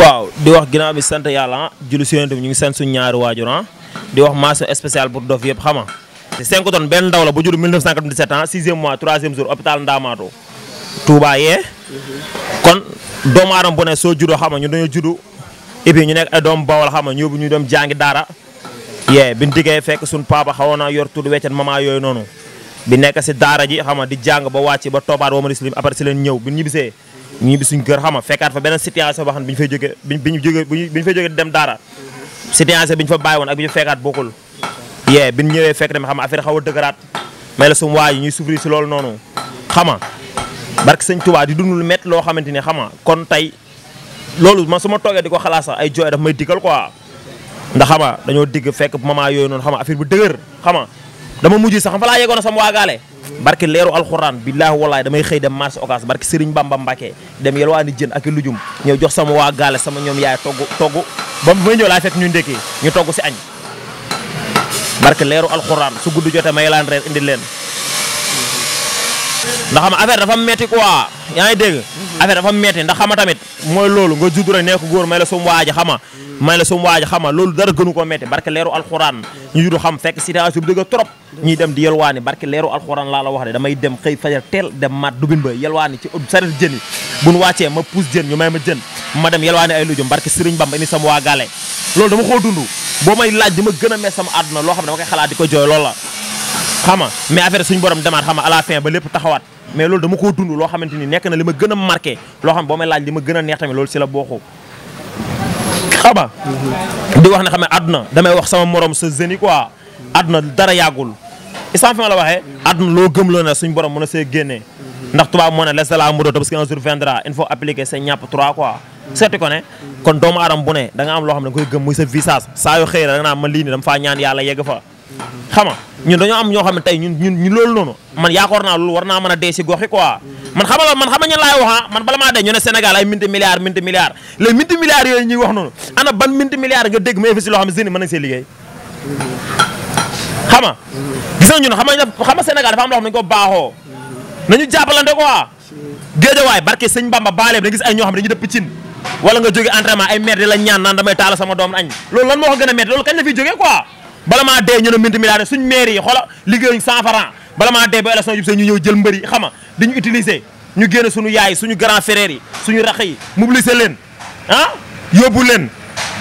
waaw di wax ginnaaw bi sant yàlla julli si yonent bi ñu ngi sant suñu ñaari waajur ah. di wax mention spéciale pour dof yëpp xama te 5 tonnes benn ndaw la bu jur 1997 ans ah. sixième mois troisième jour hôpital Ndamatou Touba yee kon doomu aadama bu ne soo juddoo xama ñu dañoo juddu et puis ñu nekk ay doom bawal xama ñu yóbbu ñu dem jàngi daara yee bi ñu diggee fekk suñu papa xawoon na yor tudd weccat maman yooyu noonu bi nekk si daara ji xama di jàng ba wàcc ba toobaat ba ma rislim leen ñëw bi ñibbisee ñibbi suñ kër xam nga fekkaat fa benn situation boo xam ne bi ñu fay jógee bi ñu jógee bi ñu fay jógee dem daara situation bi ñu fa bàyyi woon ak bi ñu fekkaat bokkul yee bi ñu ñëwee fekk dem xam nga affaire xaw a dëgëraat may la sumu ñuy souffrir si loolu noonu xam nga barke sëñ di dund lu métti loo xamante ni xam nga kon tey loolu man su ma toogee di ko xalaat sax ay jooy daf may diggal quoi ndax xam nga dañoo digg fekk bu moment yooyu noonu xam nga affaire bu dëgër xam nga dama mujj sax fa laa yegoon sama waagaale barke leeru alxuraan billaahi wallaahi damay xëy dem marché Ocass barke Serigne Bamba Mbacke dem yelwaani jën ak i lujum ñëw jox sama waagaale sama ñoom yaay togg togg ba may ñëw laa fekk ñu ndékkee ñu togg si añ barke leeru alxuraan su gudd jotee may laan reer indi leen ndax xam affaire dafa metti quoi yaa ngi dégg mhm. affaire dafa metti ndax xama tamit mooy loolu nga judd rek nekk góor may la sum waaji xama may la sama waaji xama loolu dara gënu ko metti barke leeru alxuraan ñu du xam fekk situation bi dëgg trop ñuy dem di yelwaani barke leeru alxuraan laa la wax de damay dem xëy fajar teel dem mat dubin ba yelwaani ci saret jën yi buñ wàccee ma puus jën ñu may ma jën ma dem yelwaani ay lujum barke sëriñ Bamba ini sama waa gale loolu dama koo dund boo may laaj di ma gën a mees sama àdduna loo xam ne dama koy xalaat di ko jooy loolu la xama mais affaire suñu borom loo xamante ni nekk na li ma gën a marqué loo xam boo may laaj li ma a neex xama di wax ne xam ne àdduna damay wax sama morom sa zeni quoi àdduna dara yàggul isaan fi ma la waxee àdduna loo gëm loo ne suñ borom mën a see génnee ndax tubaab moo ne laisse la moudo parce que un jour viendra il faut appliquer sa ñàpp trois quoi seeti ko ne kon doomu aadama bu ne da am loo xam ne koy gëm muy sa visage saa yoo xëy na da nga naan man lii ñaan yàlla yegg fa xam nga ñun dañoo am ñoo xam ne tey ñun ñun ñu loolu noonu man yaakaar naa loolu war naa man a dee si gox yi quoi man xam nga man xam ñu laay wax ah, man bala maa dee ñu ne Sénégal ay minti milliards minti milliards les minti milliards yooyu ñuy wax noonu ana ban minti milliards nga dégg ma investi loo xam ne jeunes yi xam nga gis nga ñun xam nga xam baaxoo nañu jàppalante quoi géejawaay barke sëñ Bamba baaleeb da gis ay ñoo xam ne dañu dëpp cin wala nga jóge entraînement ay maire di la ñaan naan damay taala sama doom añ loolu lan moo ko gën a metti loolu kañ la fi jógee quoi bala maa dee ñu ne minti mi daa ne suñ maire yi xoola liggéeyuñ cent franc bala maa dee ba élection jub see jël mbër yi xama diñu utiliser ñu génne suñu yaay suñu grand frère yi suñu rax yi mobiliser leen ah yóbbu leen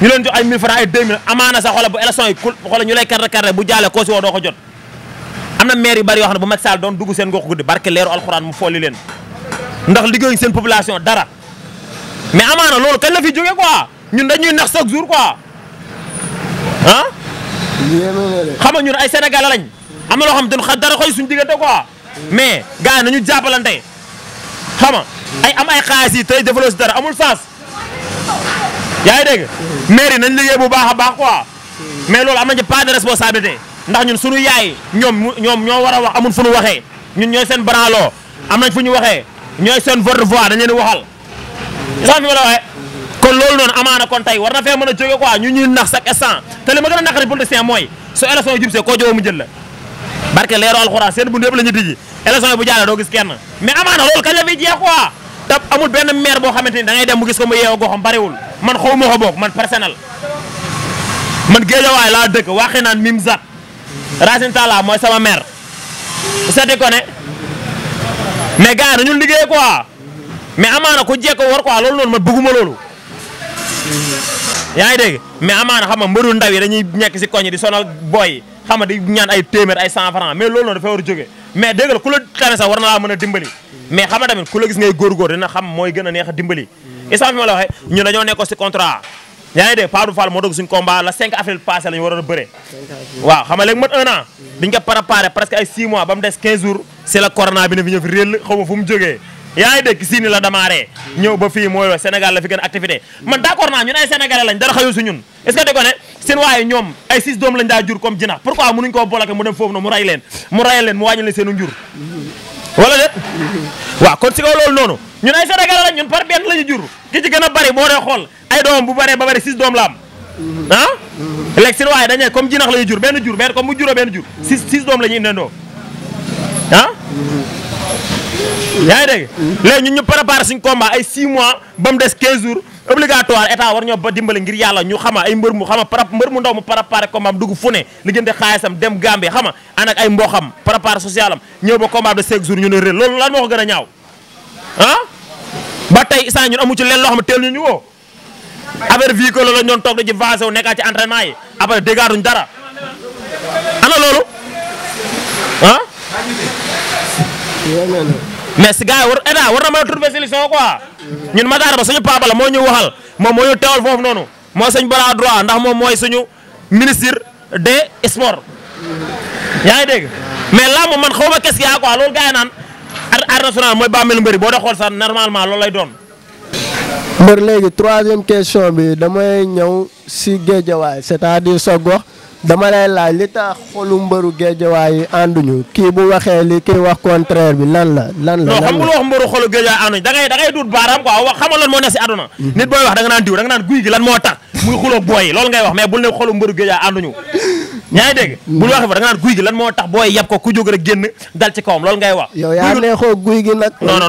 ñu leen jox ay 1000 francs ay 2000 amaana sax xoola bu élection yi xoola ñu lay karre bu jaalee koo si woo ko jot am na maire yu bari wax na ne bu Macky Sall doon dugg seen ngox guddi barke leeru alxuraan mu folli leen ndax liggéeyuñ seen population dara mais amaana loolu kañ la fi jógee quoi ñun dañuy nax chaque jour quoi ah xam nga ñun ay sénégalais lañ am na loo xam te ne dara xoy suñu diggante quoi mais gars yi nañu jàppalante xam nga ay am ay xaalis yi tey defaloo si dara amul sens yaa ngi dégg mairie nañ liggéey bu baax a baax quoi mais loolu am nañ ci pas de responsabilité ndax ñun suñu yaay ñoom ñoom ñoo war a wax amul fu ñu waxee ñun ñooy seen branloo am nañ fu ñu waxee ñooy seen vote de voix dañ leen di waxal kon loolu noonu amaana kon tey war na fee mën a jóge quoi ñu ñuy nax chaque instant te li ma gën a naqari politicien mooy su élection mu jël la barke leeru alxuraan seen buntu yëpp la ñu tijji élection yi bu jàllee doo gis mais amaana loolu kañ la fiy jeex amul benn maire boo xamante ni da dem mu gis ko mu yeewa goxam bariwul man xaw ko bokk man personnel man géejawaay laa dëkk waxee naan mim zat Racine Talla mooy sama maire seeti ko ne mais gars yi nañu liggéey quoi mais amaana ku jekko war quoi loolu noonu man bëgguma loolu yaa ngi dégg mais amaana xam nga mbëru ndaw yi koñ di sonal booy xam di ñaan ay téeméer ay cent franc mais loolu noonu dafa war a jóge mais dégg la war na laa mën a dimbali mais xam nga tamit ku la gis ngay góorgóor dina xam mooy gën a neex a si contrat yaa la 5 avril la ñu war a bëre waaw xam nga léegi mat un an diñ presque ay 6 mois ba mu des 15 la corona bi fi ñëw fi réel xaw ma fu yaa ngi dégg siini la démarré ñëw ba fii mooy Sénégal la fi gën activité man d' accord naa ñun ay sénégalais lañ dara xëyu ñun est ce que déggoo ne seen waaye ñoom ay six doom lañ daa jur comme jinax pourquoi mënuñ koo bloqué mu dem foofu noonu mu ray leen mu ray leen waaw kon si kaw loolu noonu ñun ay sénégalais lañ ñun par benn la ñu jur ki ci a bari boo dee xool ay doom bu baree ba bari six doom la am ah léegi seen waaye dañ ne comme jinax la ñu jur benn jur benn comme mu juró benn jur six six doom la ñu indendoo ah? yaa ngi dégg léegi ñun ñu préparé suñ ay 6 mois ba mu des 15 jours obligatoire état war ñoo ba dimbale ngir yàlla ñu xama ay mbër mu xama para mbër mu ndaw mu préparé combat am dugg fu ne liggéeyante xaayasam dem Gambie xama ànd ak ay mboxam préparé social am ñëw ba combat de 5 jours ñu ne réel loolu lan moo ko gën a ñaaw ah? ba tey isaan ñun amu ci leen loo xam teel ñu ñu woo affaire véhicule la ñoon toog da ci vasé wu nekkaat ci entraînement yi après déggaatuñ dara ana mais si gars yi war na mën a trouver solution quoi ñun Matar ba suñu papa la moo ñu waxal moom moo ñu teewal foofu noonu moo suñ bras droit ndax moom mooy suñu ministre de sports yaa ngi dégg mais làmb man xaw ma qu'est-ce y a quoi loolu gars yi naan arène nationale mooy bàmmeelu mbëri boo da xool loolu lay doon. mbër léegi troisième question bi damay ñëw si géejawaay c'est-à-dire sa dama lay laaj li xolu mbëru géejawaay ànduñu kii bu waxee li kii wax contraire bi lan la lan la. non xam nga lu wax mbëru xolu géejawaay ànduñu da ngay da ngay duut baaraam quoi wax xamal lan moo ne si àdduna. Mm-hmm. nit booy wax da nga diw da nga naan guy gi lan moo tax muy xuloo booy yi loolu ngay wax mais bul ne xolu mbëru géejawaay ànduñu. ñaa dégg mm-hmm. bul da lan moo tax booy yab ko ku jóg rek génn dal ci kawam loolu ngay wax. yow yaa neexoo guy gi nag. non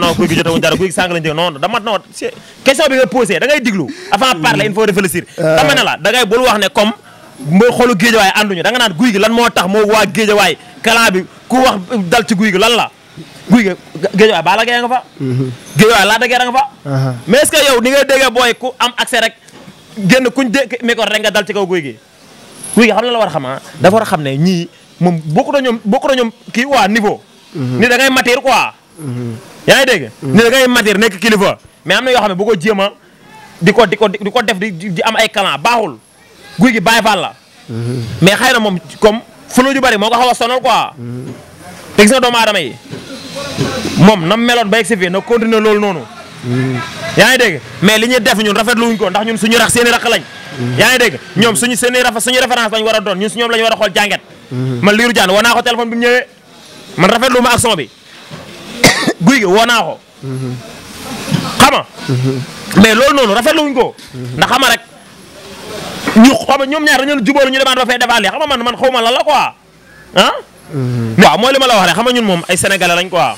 nga posé da ngay diglu avant parler mm-hmm. il faut réfléchir euh. dama ne la da bul wax ne comme mboo xoolu géejawaay ànduñu da nga naan guy gi lan moo tax moo waa géejawaay kalan bi ku wax dal ci guy gi lan la guy gi géejawaay baa la gee nga fa mhm. géejawaay laa dagee nga fa mais est-ce que yow ni ngay déggee booy ku am accès rek génn kuñ dégg micro rek nga dal ci kaw guy gi guy gi xam na la war a xam ah dafa a xam ne ñii moom bokku na ñoom bokku na ñoom kii waa niveau mhm. ni da ngay matière mhm. yaa ngi dégg ni da ngay nekk kilifa mais am na yoo xam ne bu ko jéem a di ko di ko di ko def di am ay kalan baaxul guy gi Baye Fall la. mais xëy na moom comme fulu ju bari moo ko xaw a sonal quoi. te gis nga doomu aadama yi moom nam meloon ba egsi fii na continuer loolu noonu. yaa ngi dégg mais li ñuy def ñun rafetlu wuñ ko ndax ñun suñu rax seen i rax lañ. yaa ngi dégg ñoom suñu seen i suñu référence lañ war a doon ñun si ñoom la ñu war a xool jàngat. man liiru jaan woo naa ko téléphone bi man rafetlu ma action bi gi woo naa ko. xam loolu noonu rafetlu wuñ ko. rek. ñu xoba ñoom ñaar dañu jubóor ñu demaat ba fay defaat xam nga man man xaw ma la la quoi ah. Mhm. waaw mooy li ma la wax rek xam nga ñun moom ay sénégalais lañ quoi.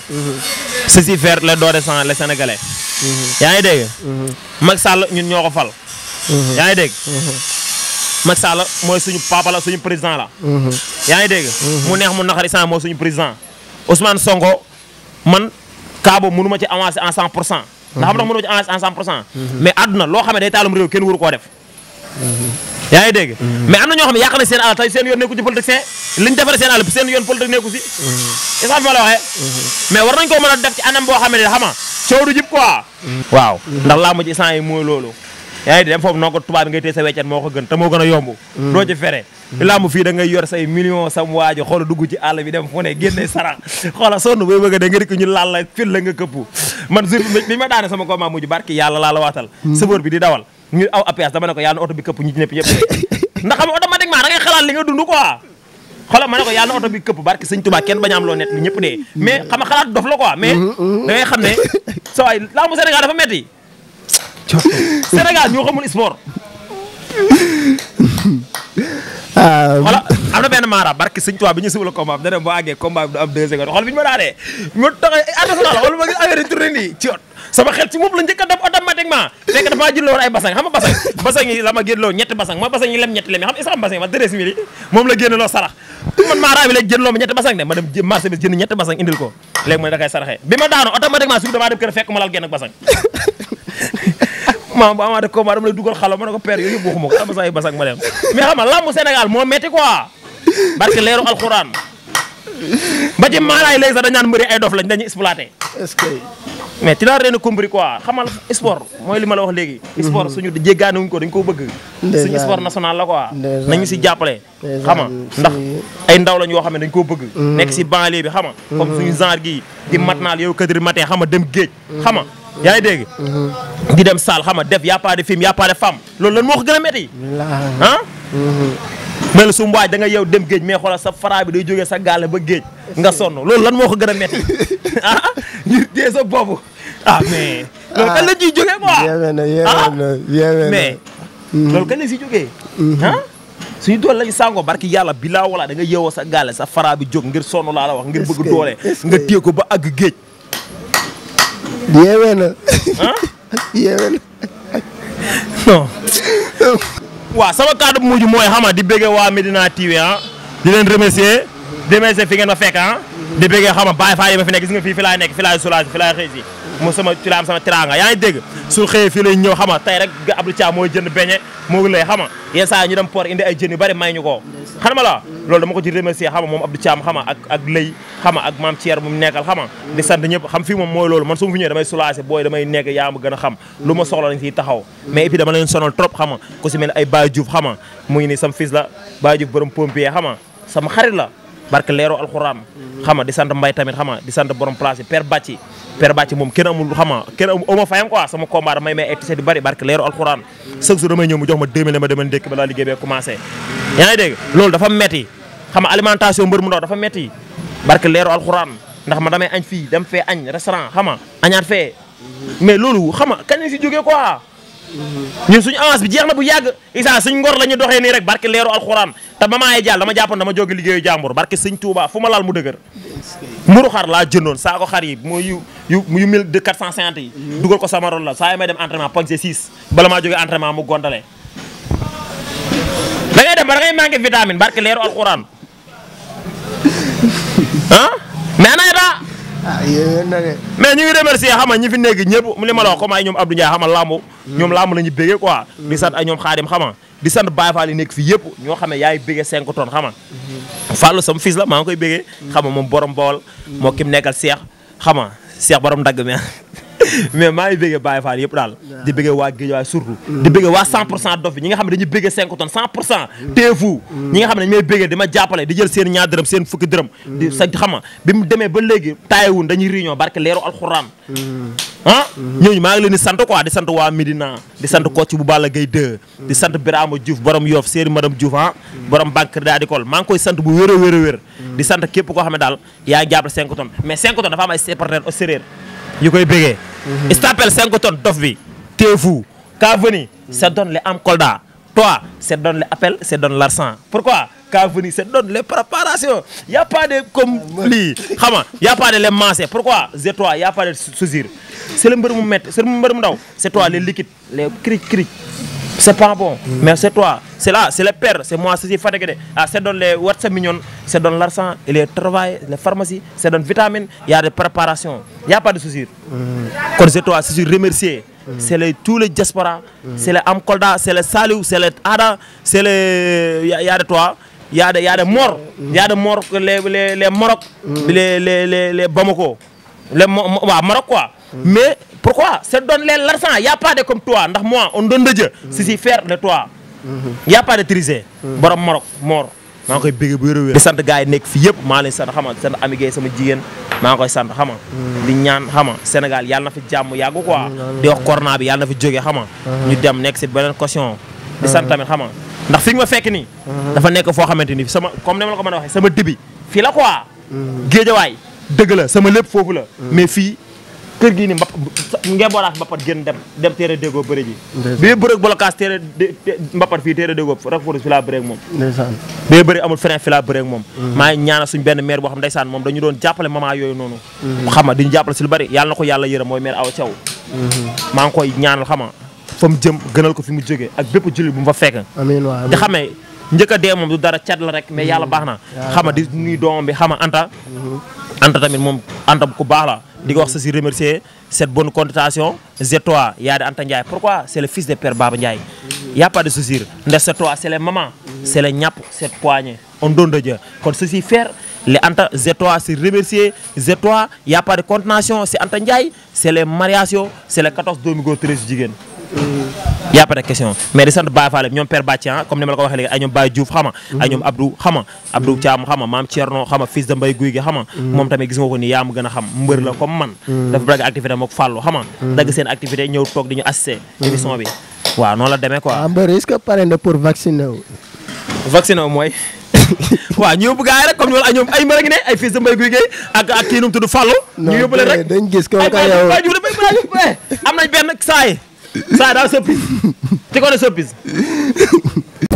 ceci mhm. faire le dos sans les sénégalais. Mhm. yaa ngi dégg. Macky Sall ñun ñoo ko fal. yaa ngi dégg. Macky Sall mooy suñu papa la suñu président la. yaa ngi dégg. mu neex mu naqari sant mooy suñu président Ousmane Sonko man kaa boobu mënu ma ci avancer en 100 pour cent. ndax xam nga mënu ma ci avancer en 100 pour cent. mais àdduna loo xam ne day taalum réew kenn waru koo def. yaa ngi dégg mm-hmm. mais am na ñoo xam ne seen alal seen yoon nekku ci politique seen li ñu defaree seen alal seen yoon mm-hmm. mm-hmm. mais war nañ a def ci anam boo xam ne xama coow du jib quoi waaw ndax laa mu ci yi mooy loolu yaa ngi dem foofu noonu ko tubaab bi ngay téye sa weccet moo ko gën te moo gën a yomb fere làmb fii da yor say million sam waajo xoola dugg ci àll bi dem fu ne génne sarax xoola sonn booy bëgg de nga rikk ñu laal la fil la nga këpp man jour bi ma daane yàlla laa la waatal sëfoor bi di ñu aw APS dama ne ko yàlla na oto bi këpp ñi ci ñëpp yëpp ndax xam automatiquement da ngay xalaat li nga dund quoi xoolal ma ne ko yàlla na oto bi këpp barke sëñ Tuubaa ba bañaam loo net li ñëpp dee mais xam nga xalaat dof la quoi mais mm-hmm. da ngay xam ne sa waay laamu Sénégal dafa metti Sénégal ñoo xamul sport voilà ah. am na benn maara barke sëñ Tuubaa bi ñu siwala combat bi da dem boo àggee combat bi du am deux secondes xool bi ñu ma daanee ma taxee international xool ma ngi affaire tourné nii ci ot sama xel ci moom la njëkk a dem automatiquement fekk dafa jël woon ay basang xam nga basang basang yi la ma génn loo ñetti basang ma basang yi lem ñetti lem yi xam nga xam basang ma dërës mi li moom la génn loo sarax man maara bi léegi jël loo ma ñetti basang de ma dem marché bi jënd ñetti basang indil ko léegi ma ne da koy saraxee bi ma daanu automatiquement suuf damaa dem kër fekk ma lal genn ak basang maam bu amaatee combat dama lay dugal ma ne ko père yooyu yëpp waxuma ko am saa yu bas ma dem mais xam nga Sénégal moo métti quoi barke leeru alxuraan ba ci maalaay léegi sax dañ naan mbëri ay dof lañ dañuy exploité. est-ce que. mais ti laa leen a compris quoi xamal sport li ma la wax léegi. sport mhm. suñu jéggaane ko dañ koo bëgg. suñu sport national la quoi. nañu si jàppale. xama ndax ay ndaw lañ yoo xam ne dañ koo bëgg. Mhm. nekk si banlieue bi xama comme mhm. suñu genre gii di mat naal yow quatre matin xama dem géej. xama yaa ngi di dem saal xam def y a de film y a pas de loolu lan moo ko gën a métti. ah. mel su mbaaj da nga yow dem géej mais xoolal sa fara bi day jógee sa gaale ba géej nga sonn loolu lan moo ko gën a métti ah ñu dee sa bopp ah mais. loolu ah. kan la ciy jógee quoi ah mais. Mm-hmm. loolu kan la ciy mm-hmm. yàlla bilaa wala da nga yeewoo sa gaale sa fara bi jóg ngir sonn laa la wax ngir bëgg doole nga téye ko ba àgg géej. yeewee na. yeewel non. waaw sama kàddu bu mujj mooy xama di bëggee waa Medina TV ah di leen remercier di remercier fi ngeen ma fekk a ah. di bëggee xama bàyyi faa yi ma fi nekk gis nga fii fi laa nekk fi laay soulager fi laa xëy ma sama ci laam sama teraanga yaa ngi dégg su xëyee fii lay ñëw xama tey rek ga Abdou mooy jënd beñe moo lay xama yenn saa ñu dem port indi ay jën yu bari may ñu ko xanama la loolu dama ko ci remercier xama moom Abdou Thiam xama ak ak lëy xama ak maam Thier mu nekkal xama di sant ñëpp xam fii moom mooy loolu man su ma fi ñëwee damay soulagé booy damay nekk yaa ma gën a xam lu ma soxla dañ ciy taxaw mais et puis dama leen sonal trop xama ku si mel ay Baye Diouf mu ngi ni sam fils la Baye Diouf borom pompier xama sama xarit la barke leero alxuraan xama di sant mbay tamit xama di sant borom place yi père moom kenn amul xama kenn ama fayam quoi sama combat damay may egtise di liggéey bee commencé yaa ngi loolu dafa metti xama alimentation mbër mu ndaw dafa metti barke leero alxuraan ndax ma damay añ fii dem fee añ restaurant xama añaat fee mais loolu xama kañ la si jógee quoi ñun suñu avance bi jeex na bu yàgg isa suñ ngor la ñu nii rek barke leeru alxuraan te ba maaye jàll dama jàppoon dama jóge liggéeyu jàmbur barke sëñ Touba fu ma laal mu dëgër mburu xar laa jëndoon saako xar yi mooy yu yu yu mille de quatre cent cinquante yi dugal ko sama rôle la saa yi may dem entraînement poncé six bala maa jógee entraînement mu gondale da ngay dem ba da ngay manqué vitamine barke leeru alxuraan ah mais ana Ah, mais ñu ngi remercier xam nga ñi fi nekk ñëpp mu li ma la wax comme ay ñoom Abdou Ndiaye xam nga lamb mm. ñoom lamb la ñu béggee quoi mm. di sant ay ñoom Xaadim xam nga sant Baye nekk fii yëpp ñoo xam ne yaay béggee 5 tonnes xam nga mm-hmm. Fallou sama fils la maa ngi koy béggee mm. xam nga moom borom Bawol moo kim nekkal Seex xam nga Seex borom dagg mi ah. mais maa ngi bëggee Baye Fall yëpp daal di bëggee waa géej waay surtout di bëggee waa 100 ñi nga xam ne dañuy bëggee 5 mm. teefu mm. ñi nga xam dañ may bëggee di ma jàppale di jël seen ñaar dërëm seen fukki dërëm mm. di sa xama bi mu demee ba léegi taayewun dañuy barke leeru alxuraan ah ñooñu maa ngi leen di sant di sant waa Médina di sant coach bu Balla Gaye 2 di sant Birama Diouf borom Yoff séeri madame Diouf ah borom banque daa di maa koy sant bu wér a a di yu koy bégee. Mhm. Stapel cinq tonnes dof bi. Téfou Cavani. ça donne les am Kolda. toi ça donne les appels ça donne l'argent pourquoi. Cavani ça donne les préparations y' a pas de comme lii xam nga y' a pas de les mancé pourquoi c'est toi y' a pas de sousir c' est le mbër mu le mbër mu toi les liquides les cric c'est pas bon. Mm. mais c'est toi c'est là c'est le père c'est moi c'est fatigué de ah c'est dans les WhatsApp mignons c'est dans l'argent et les travail les pharmacies c'est dans vitamines il y a des préparations il y a pas de souci. Mm. remercier. Mm. c'est les tous les diaspora. Mm. c'est les Amkolda c'est les Saliou c'est les Ada c'est les y de toi. y de y a de Mor. y a de Mor les Pourquoi C'est donner l'argent. Il n'y a pas de comme toi. Ndax moi, on donne de Dieu. Si si faire de toi. Il mm-hmm. pas de trisé. Mm-hmm. Borom Morok, mort. maa ngi koy bëgg bu wér di sant gars yi nekk fi yëpp maa leen sant xama sant Ami Gueye sama jigéen maa ngi koy sant xama mm-hmm. di ñaan xama Sénégal yàlla na fi jàmm yàggu quoi di wax corona bi yàlla na fi jóge xama ñu dem nekk si beneen caution di sant tamit xama ndax fi ma fekk ni dafa nekk foo xamante ni sama comme ni ma la ko mën a waxee sama début fii la quoi géejawaay dëgg la sama lépp la mais fii kër gii ni mba ngeboraas mbapat gën dem dem téere déggoo bëri ji bii bërëg bolokaas téere mbapat fii téere déggoo rek foros fi laa bëree moom ndeysaan bii bëri mm-hmm. benn maire boo xam ndeysaan moom dañu doon jàppale maman yooyu noonu mm-hmm. xam nga jàppale si lu bëri yàlla na ko yàlla yërëm mooy maire Awa Thiaw mm-hmm. maa ngi koy ñaanal xam nga jëm gënal ko fi mu jógee ak bépp julli bu mu fa fekk te xamee njëkk a dee moom du dara cat la rek mais yàlla baax na xama di nuy doomam bi xama anta mm-hmm. anta tamit moom anta ku baax la di ko wax sa si remercier cette bon connotation c'est toi yaa di anta Ndiaye pourquoi c'est le fils de père Baba Ndiaye mm-hmm. y a pas de souci ndax c'est toi c'est les mamans mm-hmm. on donne de Dieu kon ceci anta c'est toi si remercier c'est toi y a pas de contention c'est anta Ndiaye c'est les mariages c'est les 14 doomi góor jigéen y de question mais di sant Baye Fall ñoom Père Batian ah, comme ni ma la ko waxee léegi ay ñoom Baye Diouf xama ay ñoom Abdou xama Abdou Thiam xama maam Thierno xama fils de Mbaye Guy gi xama moom a xam mbër seen activité ñëw toog di ñu assister émission bi waaw noonu la demee quoi ah mbër est-ce pare na pour vacciner wu vacciner wu mooy waaw ñu yóbbu gars yi rek comme ñoom ay ñoom ay mbër ne ay fils de Mbaye Guy Guèye ak kii nu mu tudd Fallou ñu yóbbu leen rek eh, am nañ benn saa saa daa sëppis ci ko ne sëppis